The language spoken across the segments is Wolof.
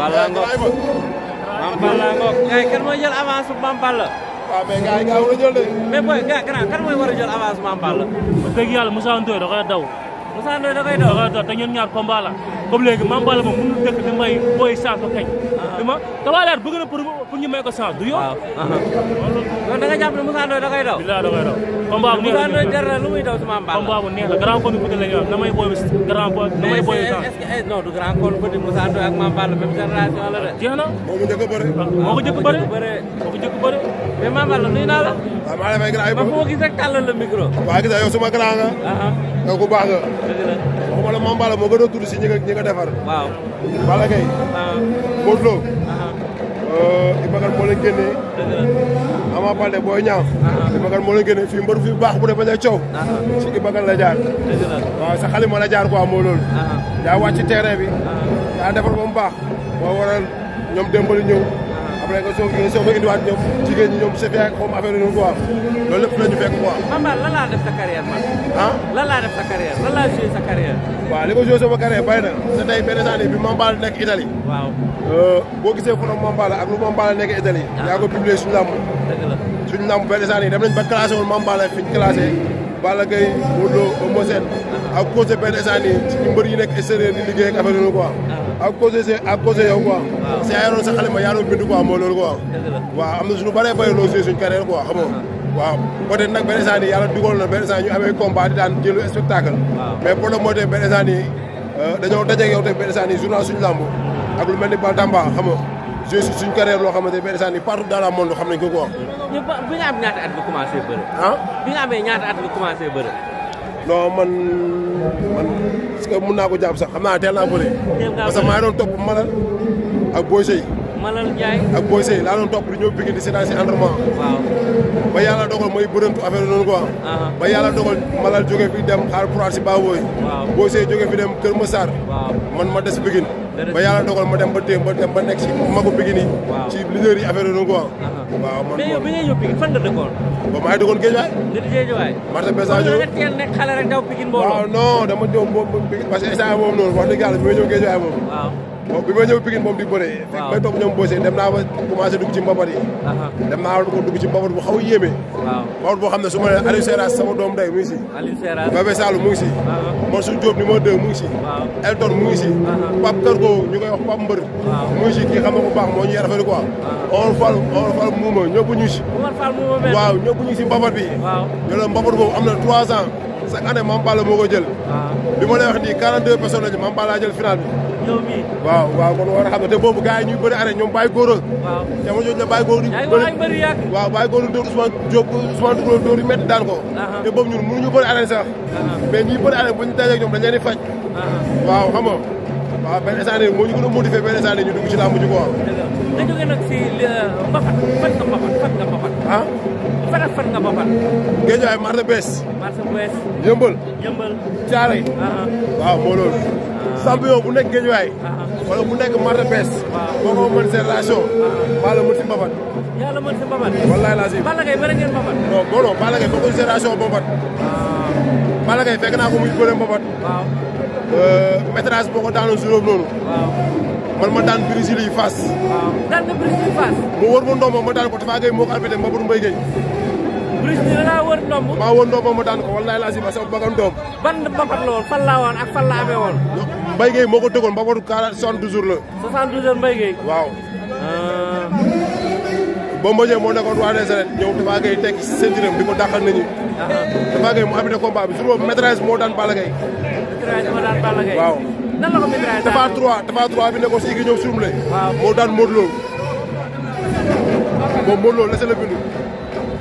Balla Balla ngoog. gars eh, yi kan mooy jël avance bu Mame Balla. waaw mais gars yi booy gars grand kan mooy war a jël avance Mame Balla. bu dëgg yàlla Moussa daw. Moussa Ndoye da koy doon te ñun ñaar combat la comme léegi Mame Balla moom mënul dëkk di may booy chance ba kañ. Ah. du ma Tapha Leer bëgg na pour ko chance du yow. waaw loolu ah. ah. da nga jàpp ne Moussa Ndoye da koy bilaay da koy daw. combat bu la Moussa Ndoye jar na lu muy daw si Mame Balla. combat bu neex la grand contre petit la ñu am damay booy grand contre damay booy chance. est-ce que eh, non du grand contre petit Moussa Ndoye ak Mame Balla même génération la de. jeex na moo moo ko jëkk bëre moo ko jëkk bëre. mais Mame nuyu naa la. maa ngi may grand ay bopp. ma foo gis rek tàllal la micro. waaw gis nga yow aku bahagia aku nga waxuma mau moom Balla moo gën a tudd si ñi nga ñi nga defar waaw Balla Gaye ah. Modou Lo ah. euh, Ibakan moo leen génnee ah. Ama Baldé Boy Niang Ibakan moo leen génnee fii mbër fi baax bu ne bañ a coow si Ibakan la jaar waaw sa xalima la jaar quoi moo loolu terrain bi waral après nga soog a soog a indiwaat ñoom jigéen ñi ñoom su fekkee ak xaw ma affaire loolu lépp la fekk quoi. Bamba lan laa def sa carrière man. ah lan laa def sa carrière lan laa joué sa carrière. waaw li ma joué sama carrière bàyyi na te tey benn saa bi Mambal nekk Italie. waaw euh, boo gisee photo Mambal ak lu Mambal nekk Italie. Ah. yaa ko publié suñu làmb. dëgg la suñu làmb benn saa dem nañ ba classé woon Mambal fi ñu classé. Balla Gaye Modou Lo Eumeu Sène ah. ak côté benn saa ci mbër yi nekk extérieur di liggéey ak affaire à cause à cause yow quoi. waaw si yaayoon sa xale ma yaayoon bind quoi mooy loolu quoi. waaw am na suñu bëree bëri loolu suñ carrière quoi xam ah. nag benn saa nii yàlla dugal na benn saa ñu amee combat di daan jëlu spectacle. mais problème mooy tey benn saa nii euh, dañoo dajeeg yow tey benn suñu làmb ak lu mel ni Bantamba xam nga je suis suñu carrière loo xamante ne benn saa nii partout ko quoi. ñu bi nga ñaata at nga commencé bëre. non man man est-ce que mun naa ko jàpp sax xam naa teel naa bëri. parce que topp Malal ak Boy ak Boy laa doon topp di ñëw Pikine di seetaan si entraînement. waaw ba yàlla dogal mooy bërëntu affaire noonu quoi. Uh-huh. ba yàlla Malal jógee dem xaar pour si Baboy. waaw Boy Sey dem Kër man ma des Pikine. ba yàlla dogal ma dem ba téye ba dem ba nekk si magu Pikine nii. ci leader yi affaire yooyu ah. waaw man mais yow bi ngay fan nga dëkkoon. ba maa ngi dëkkoon Guédiawaye. dëkk Guédiawaye. marché nekk xale rek daw Pikine mbooloo. waaw non dama ñëw boobu Pikine parce que noonu wax dëgg bi ma ñëw Guédiawaye boobu. moom bi ma ñëw Pikine moom di bëree fekk may topp ñoom boosee dem naa ba commencé dugg ci dem naa ko dugg ci mbabat xaw yéeme waaw mbabat boo xam ne su ma ne Aliou Seras doom day mu ngi si Bébé Saloum mu ngi si Mansour Diop numéro 2 mu ngi Elton mu ngi si Pape Kargo ñu koy wax Pape Mbër mu ngi si kii xam nga bu baax moo ñu yar affaire quoi on fal on fal muuma ñëpp ñu si waaw ñëpp ñu si mbabat bi ñu la mbabat boobu am na trois ans chaque année Mame Balla jël bi ma lay wax nii 42 personnes lañu Mame Balla jël waaw waaw kon war a xam ne te boobu gars yi ñuy bëri arrêt ñoom Baye Gora. waaw jamono jooju ne Baye Gora. yaa ngi waay bëri yàgg waaw Baye Gora dóor Ousmane Diop Ousmane dóor yu métti daan ko. Uh-huh. te boobu ñun mënuñu bëri arrêt sax. Uh-huh. mais bëri arrêt bu ñu dajeeg ñoom dañ leen di faj. Uh-huh. waaw xam nga waaw benn instant moo ñu gën a motivé benn instant ñu dugg ci làmb ji quoi. dëgg fan ak fan nga bokkal. Géejawaay uh-huh. waaw moo loolu. Uh-huh. champion bu nekk Géejawaay. Uh-huh. wala bu nekk marché bees. waaw boo ko mën seen relation. maa la mën si mbabat. yaa mën si mbabat. wallaahi si. Balla Gaye bëri ngeen mbabat. non non non naa ko muy bëre mbabat. Uh, noonu. man ma daan Brésil yi Fass. waaw daan nga ma ndombo daan ko Tafa Gueye moo ko arbitre Mbabour Mbaye Gueye. Brise Nuit da ngaa wër ndomb. maa wër ndomb ma daan ko wallaahi laa si ma sa bëggoon doom. ban mbapat la woon fan laa woon ak fan laa moo ko tëggoon mbapatu 72 jours la. 72 jours Mbaye Gueye. waaw. Ah. Bombardier moo nekkoon roi des arènes ñëw Tapha Gueye teg ceinture di ko dàqal ah. bi su boobu maîtresse moo daan Balla Gaye. maîtresse moo daan Balla Gaye. waaw nan la ko maîtresse daan Tapha 3 Tapha 3 bi nekkoon si gi ñëw surumle. waaw moo daan bindu.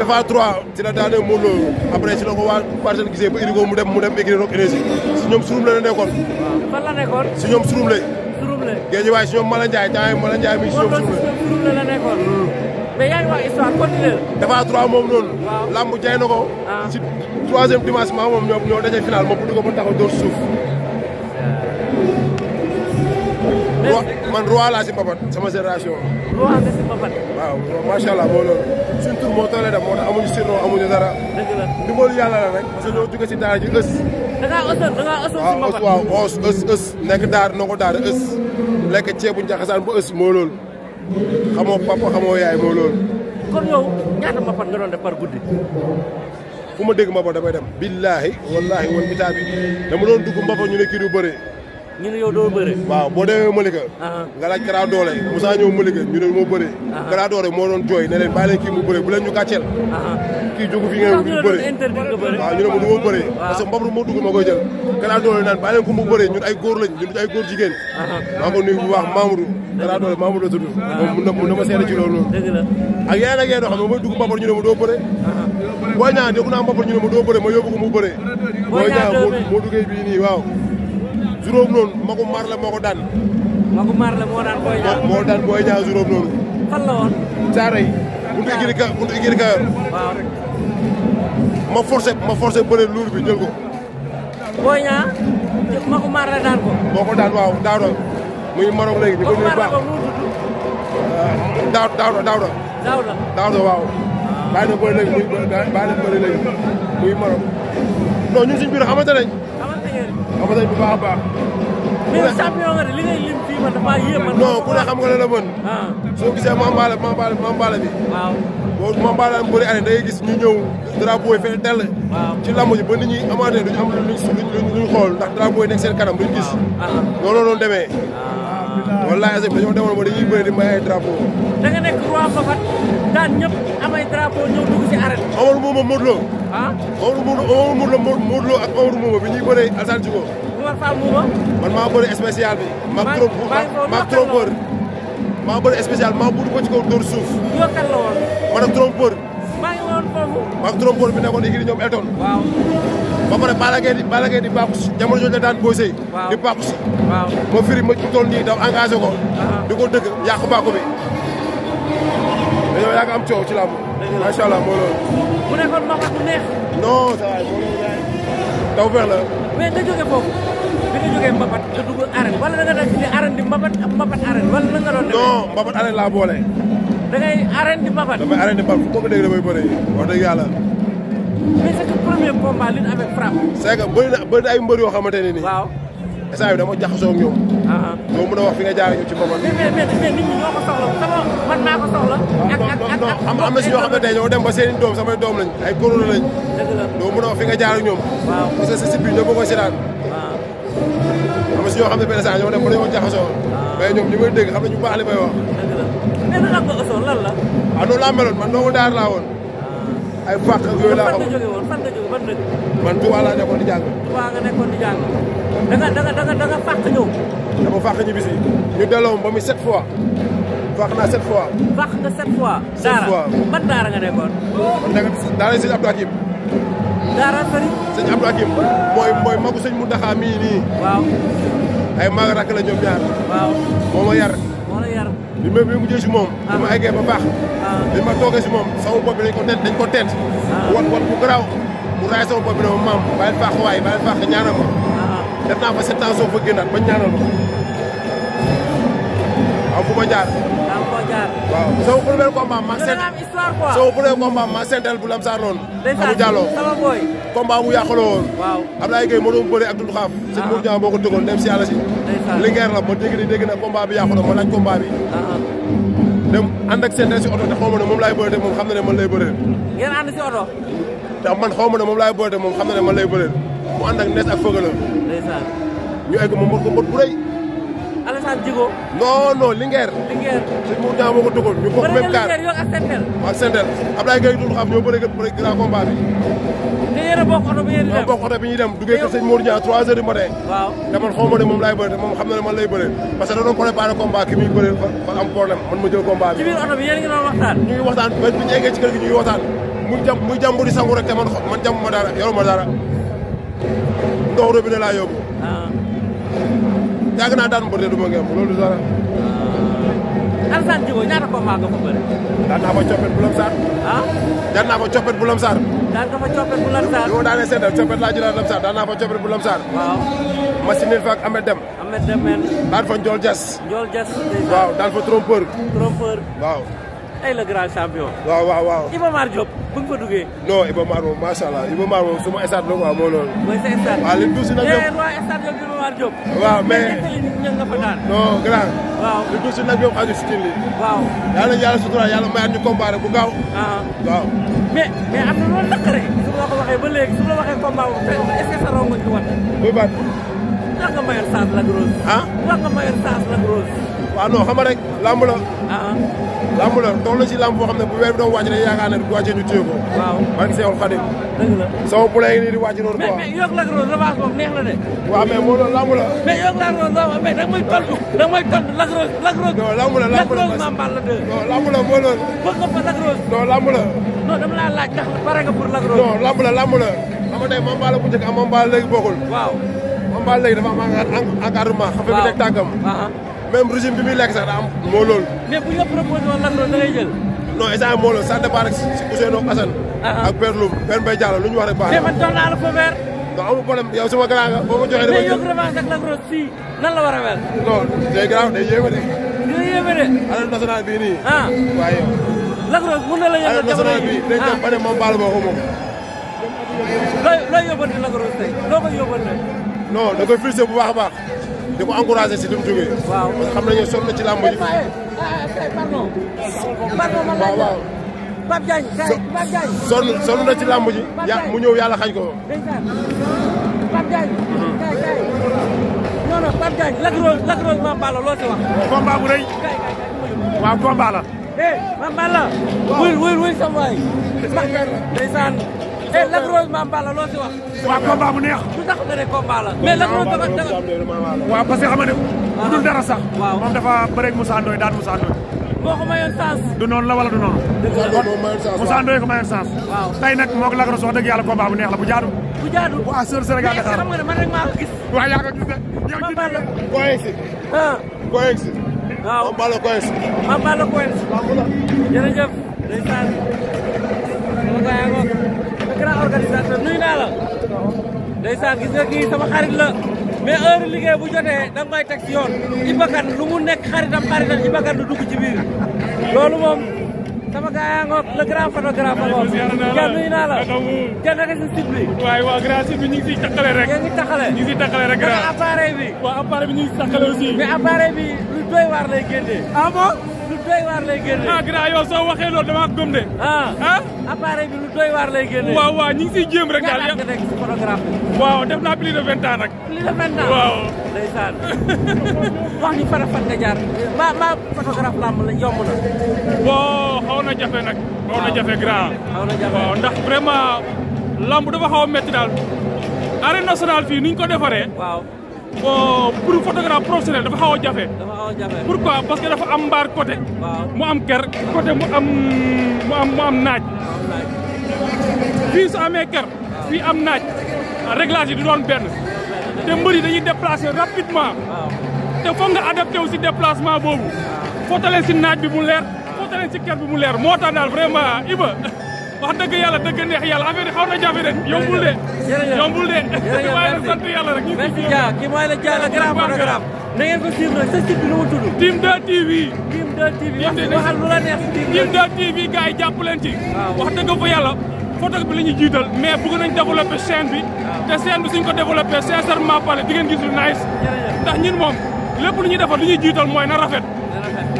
dafa 3 ci la daanee Modou Lo après ci la ko waa parcelle gisee mu dem mu dem e roog énergie si ñoom surum la na fan la nekkoon. si ñoom surum la. surum la géej waaye si ñoom Mala Ndiaye temps yii ñoom surum la. surum la la nekkoon. Hmm. mais yaa ngi la. dafa jaay na ko. Ah. si troisième dimanche maa moom ñoo ñoo daje ma buddi ko ba taxaw dóor suuf. man roi laa suñ tur moo toll dem moo tax amuñu surnom amuñu dara. dëgg la ndimbalu yàlla la rek. waaw suñu jóge ji ës. da ngaa ësoon da ngaa ësoon si mbapat waaw waaw ës nekk daar noo ko daara ës. lekk ceebu njaxasaan bu ës moo loolu. xamoo papa xamoo yaay moo loolu. kon yow ñaata mbapat nga doon def par guddi. fu ma dégg mbapat damay billaahi wallaahi wal kitaabi dama doon dugg mbapat ñu ne kii du ñu ne yow doo bëre. waaw boo demee Malika. Ah. nga laaj Kara Doole Moussa ñëw Malika ñu ne moo bëre. Ah. Kara Doole moo doon jooy ne leen leen kii mu bëre bu ñu gàcceel. Ah. kii jógu fi ngeen ñu bëre waaw ñu ne ma du ma bëre. parce que mbabru moo dugg ma koy jël. Doole naan bàyyi leen ko mu bëre ñun ay góor lañ ñun ay góor jigéen. maa ko nuyu bu baax Mamadou. Doole Mamadou la tudd. moom mun na mun seede ci loolu. dëgg la ak yeneen ak yeneen yoo xam ne mooy dugg mbabar mu bëre. boo juróom noonu Magu Marle moo ko daan. Magu Marle moo daan Boy Niang. moo daan Boy Niang juróom noonu. fan la woon. Caaray. ka buntu igiri ka waaw. ma forcé ma forcé luur bi jël ko. Boy Niang. Magu Marle daan ko. moo ko daan waaw daaw na muy Maroc léegi di ko nuyu baax euh, daaw daaw na daaw na. daaw na daaw na waaw. bàyyi na bëri léegi muy bàyyi na bëri biir xamante xam nga bu baax a baax. mais champion nga de li ngay lim fii man dafa yéem man. non ku ne xam nga la la mën. Ah. soo gisee mambaale mambaale mambaale bi. waaw boo mambaale am bëri année da ngay gis ñu ñëw drapeau yi fenn dell. ci lamb ji ba nit ñi amaatee duñ am luñ luñ xool ndax drapeau yi nekk seen kanam duñ gis. waaw noonu la doon demee. Ah. walaay asib dañoo demoon ba dañuy bëri di may ay drapeau da nga nekk roi Mbapat daan ñëpp am ay drapeau ñëw dugg si arène Omar Mouma Modou Lo ah Omar Mouma Omar ak Omar Mouma bi ñuy bëree Alassane Djigo Omar Fall maa bëri spécial bi maa maa trompeur maa bëri spécial maa suuf yoo kan la woon man ak trompeur maa ngi woon foofu maa ak trompeur bi nekkoon équipe ñoom Elton ba pare Balla Gaye di Balla Gaye di baaxu si jamono jooju daan posé. di baaxu ma firi ma toll nii daw engagé ko. Uh-huh. di ko dëgg yàqu baaxu bi. dañoo yàgg am coow ci làmb. macha allah moo loolu. bu nekkoon mbapat bu taw feex la. mais nga jógee foofu bi nga jógee mbapat nga dugg arène wala da nga def ni arène di mbapat mbapat arène wala nan nga doon demee. non mbapat arène laa boole. da ngay arène di mbapat. damay arène di mbapat fu ma ko déggee damay bëre wax dëgg yàlla. mais c'est que ay mbër yoo xamante ne nii. waaw instant bi dama jaxasoo ñoom. Ah, ah. doo mën a wax fi nga jaar ñu ci boppam. mais sama man am na si ñoo xam ne tey ñoo ba seen doom samay doom lañ ay góor lañ. dëgg la fi nga jaar ñoom. waaw parce si sib bi ñoo bëggoon si daan. waaw si ñoo xam ne benn saa ñoo dem ba dañoo jaxasoo. Ah. mais ñoom ñu may dégg xam ne ñu baax li may wax. dëgg la mais lan man doomu daar laa woon ay fàq ak yooyu laa xam man Touba laa nekkoon di jàng. Touba nga nekkoon di jàng. da nga da nga da nga da nga fàq ñëw. dama fàq ñibbi si ñu delloo ba muy sept fois. fàq naa sept fois. fàq nga sept fois. sept fois daara ban daara nga da nga Abdou Abdou magu waaw. ay la ñaar. waaw yar. bi ma bi mujjee si moom bi ma eggee ba baax ah. bi ma toogee si moom sama bopp ko tent dañ ko tent ah. wat wat bu garaaw mu raay sama bopp bi ne ma maam bàyyil faax waay bàyyil faax ñaanal ma ah. def naa fa sept fa génnaat ba ñaanal ma waaw bu ma jaar waaw ma ma sentel bu lamsaar noonu Abou Diallo combat mu yàqaloo woon Ablaye Gueye moo doon bëre ak Doudou Xaaf si Mour Dian boo ko tëggoon dem si yàlla si la ma dégg dégg na combat bi yàqu na ma laaj combat bi ah, ah. dem ànd ak seen si oto te xaw ma ne moom laay bëree moom xam na ne man lay bëree ngeen ànd si oto te man xaw ma ne moom laay bëree moom xam na ne man lay bëree mu ànd ak nees ak fëgala ñu egg moom mbot ko mbot bu rëy Alassane Djigo non non Linguère Linguère si Mour Dian moo ko tëggoon ñu bokk même car ak Sentel Ablaye Gueye dul xam ñoo bëree grand combat bi yéen a bokk bi ñu dem ñoo bokk oto bi ñuy dem duggee du matin. waaw te man xaw ma ne moom laay bëre xam na ne man lay bëre parce que da doon préparé combat ki muy bëre fa man ma jël combat bi. ci biir oto bi a ngi doon waxtaan. ñu ngi waxtaan ba bu ñu eggee ci te man man ma dara yoru ma dara ndox robinet laa yóbbu. waaw ah. yàgg naa daan mbër de du ma loolu dara Alassane Djigo ñaata combat nga ko bëre. daan naa fa coppet bu lamsaar. ah. daan naa fa coppet bu lamsaar. daan nga fa coppet bu ma daanee coppet laa jëlaat lamsaar daan naa fa coppet bu lamsaar. waaw. Massinil fa ak daan fa Ndiol Dias. Ndiol Dias. waaw daan fa trompeur. waaw. ay le grand champion. waaw waaw waaw. bu ñu fa duggee. non Iba Mar moom macha allah Iba Mar moom suma stade la quoi moo loolu. mooy sa stade waaw li tuuti nag. ñoom eh, waa stade yooyu Iba Mar Diop. waaw mais ña nga fa daan. non grand. waaw li tuuti nag ñoom xaju si kii bi. waaw yàlla yàlla sutura yàlla mayaat ñu combat bu gaaw. Ah. waaw. mais mais am na loolu naqare. su ma ko waxee ba léegi su ma la waxee combat bu fekk est-ce que sa rongo ci wat. muy baat. wax nga mayoon saas ah? la gros. ah wax nga mayoon saas la la. boo xam ne bu weer bi doon wàcc rek bu wàccee ñu téye ko. waaw maa ngi seexul Xadim. dëgg la sama poulain yi nii di wàcc noonu quoi. mais mais yokk la gros revanche boobu neex na de. waaw mais moo doon lamb la. mais yokk la gros non da nga may tontu da nga may tontu la gros la gros. non lamb la lamb la maa mbaal la de. non lamb la la gros. non lamb la. non dama laa laaj ndax pare nga pour la gros. non lamb la lamb la. xam nga tey maa combat léegi dafa am encadrement. xam nga nekk tànkam. Ah, ah. même régime bi muy lekk sax am moo loolu. bu ñu la proposé woon lan loolu da ngay jël. non instant moo loolu ça dépend rek si Ousseynou Assane. Ah, ak Père Loum Père lu ñu wax rek baax na. mais man jox naa la feu vert. non amul problème yow sama grand nga boo ko joxee. dama jël mais yow revanche ak Lac Rose fii nan la war a mel. non day grave bii nii. ah waaye. Lac Rose la yëngal jamono yi non da koy félicité bu baax a baax di ko encouragé si li mu jógee. waaw parce que xam nañu sonn na ci làmb ji. pardon. pardon man laaj la waaw waaw. Pape Diagne kay Pape Diagne. sonn sonn na ci làmb ji. ya mu ñëw yàlla xañ ko. Pape Diagne. kay kay. non non Pape Diagne Lac Rose Lac Rose Mame Balla loo ci wax. combat bu rëy. kay kay waaw combat la. eh Mame Balla. waaw wul wul wul sama waay. ndeysaan mais Lac Rose Mame Balla loo si wax. waaw neex. lu tax nga ne combat la. mais Lac que xam nga ne. bu dul dara sax. waaw moom dafa bëreeg Moussa Ndoye daan Moussa Ndoye. moo ko mayoon chance. du noonu la wala du noonu. Moussa Ndoye ko mayoon chance. waaw tey moo ko Lac Rose wax dëgg yàlla combat neex la bu jaadu. bu jaadu waaw sër Sénégal Dakar xam nga ne man rek maa ko gis. waaw ko gis de. yow ci dëgg la koo yegg si. ah koo yegg ndeysaan gis nga kii sama xarit la mais heure liggéey bu jotee da nga may teg si yoon Iba Kane lu mu nekk xaritam xaritam Iba Kane du dugg ci biir loolu moom sama gars yaa ngoog le grand photographe ngoog kenn nuyu naa la kenn naka si site bi waaw waaw grand site bi ñu ngi siy taxale rek ñu ngi taxale ñu ngi taxale rek appareil bi waaw waar lay génnee ah doy waar lay génne. ah grand yow soo waxee loolu dama gëm de. ah, ah? appareil bi waaw waaw ñu ngi siy jéem rek waaw def naa plus de vingt ans nag. plus de vingt ans waaw. ndeysaan wax ñu fan ak fan nga jaar na. bon xaw na jafe nag. waaw xaw na jafe grand. xaw na jafe waaw lamb dafa xaw a métti daal. fii ni ñu ko defaree. waaw bon pour photographe dafa xaw jafe. pourquoi parce que dafa am mbaar côté. mu am ker côté mu am mu am naaj. fii su amee ker. fii am naaj. réglage yi du doon benn. te mbër yi dañuy déplacé rapidement. te foog nga adapté wu si déplacement boobu. footaleen si naaj bi mu leer. footaleen si ker bi mu leer moo tax daal vraiment Iba. wax dëgg yàlla dëgg neex yàlla affaire yi xaw na jafe de. yombul de yombul de. waaye sant yàlla rek. merci beaucoup merci beaucoup kii mooy la Dia la grand photographe. na ngeen ko suivre nag sa site bi nu mu tudd. Team 2 TV. Team 2 la neex Team 2 yàlla photo bi la ñuy jiital. mais bëgg nañ développer chaîne bi. te chaîne bi suñ ko développer sincèrement parlé di ngeen gis lu nice. ndax ñun moom lépp lu ñuy defar lu ñuy jiital mooy na rafet.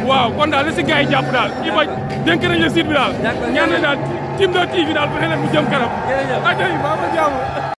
waaw kon daal li si gars yi jàpp daal. i ba dénk nañ la site bi daal. ñaan nañ daal Team 2 TV daal fexe leen mu jëm kanam. jërëjëf ak tey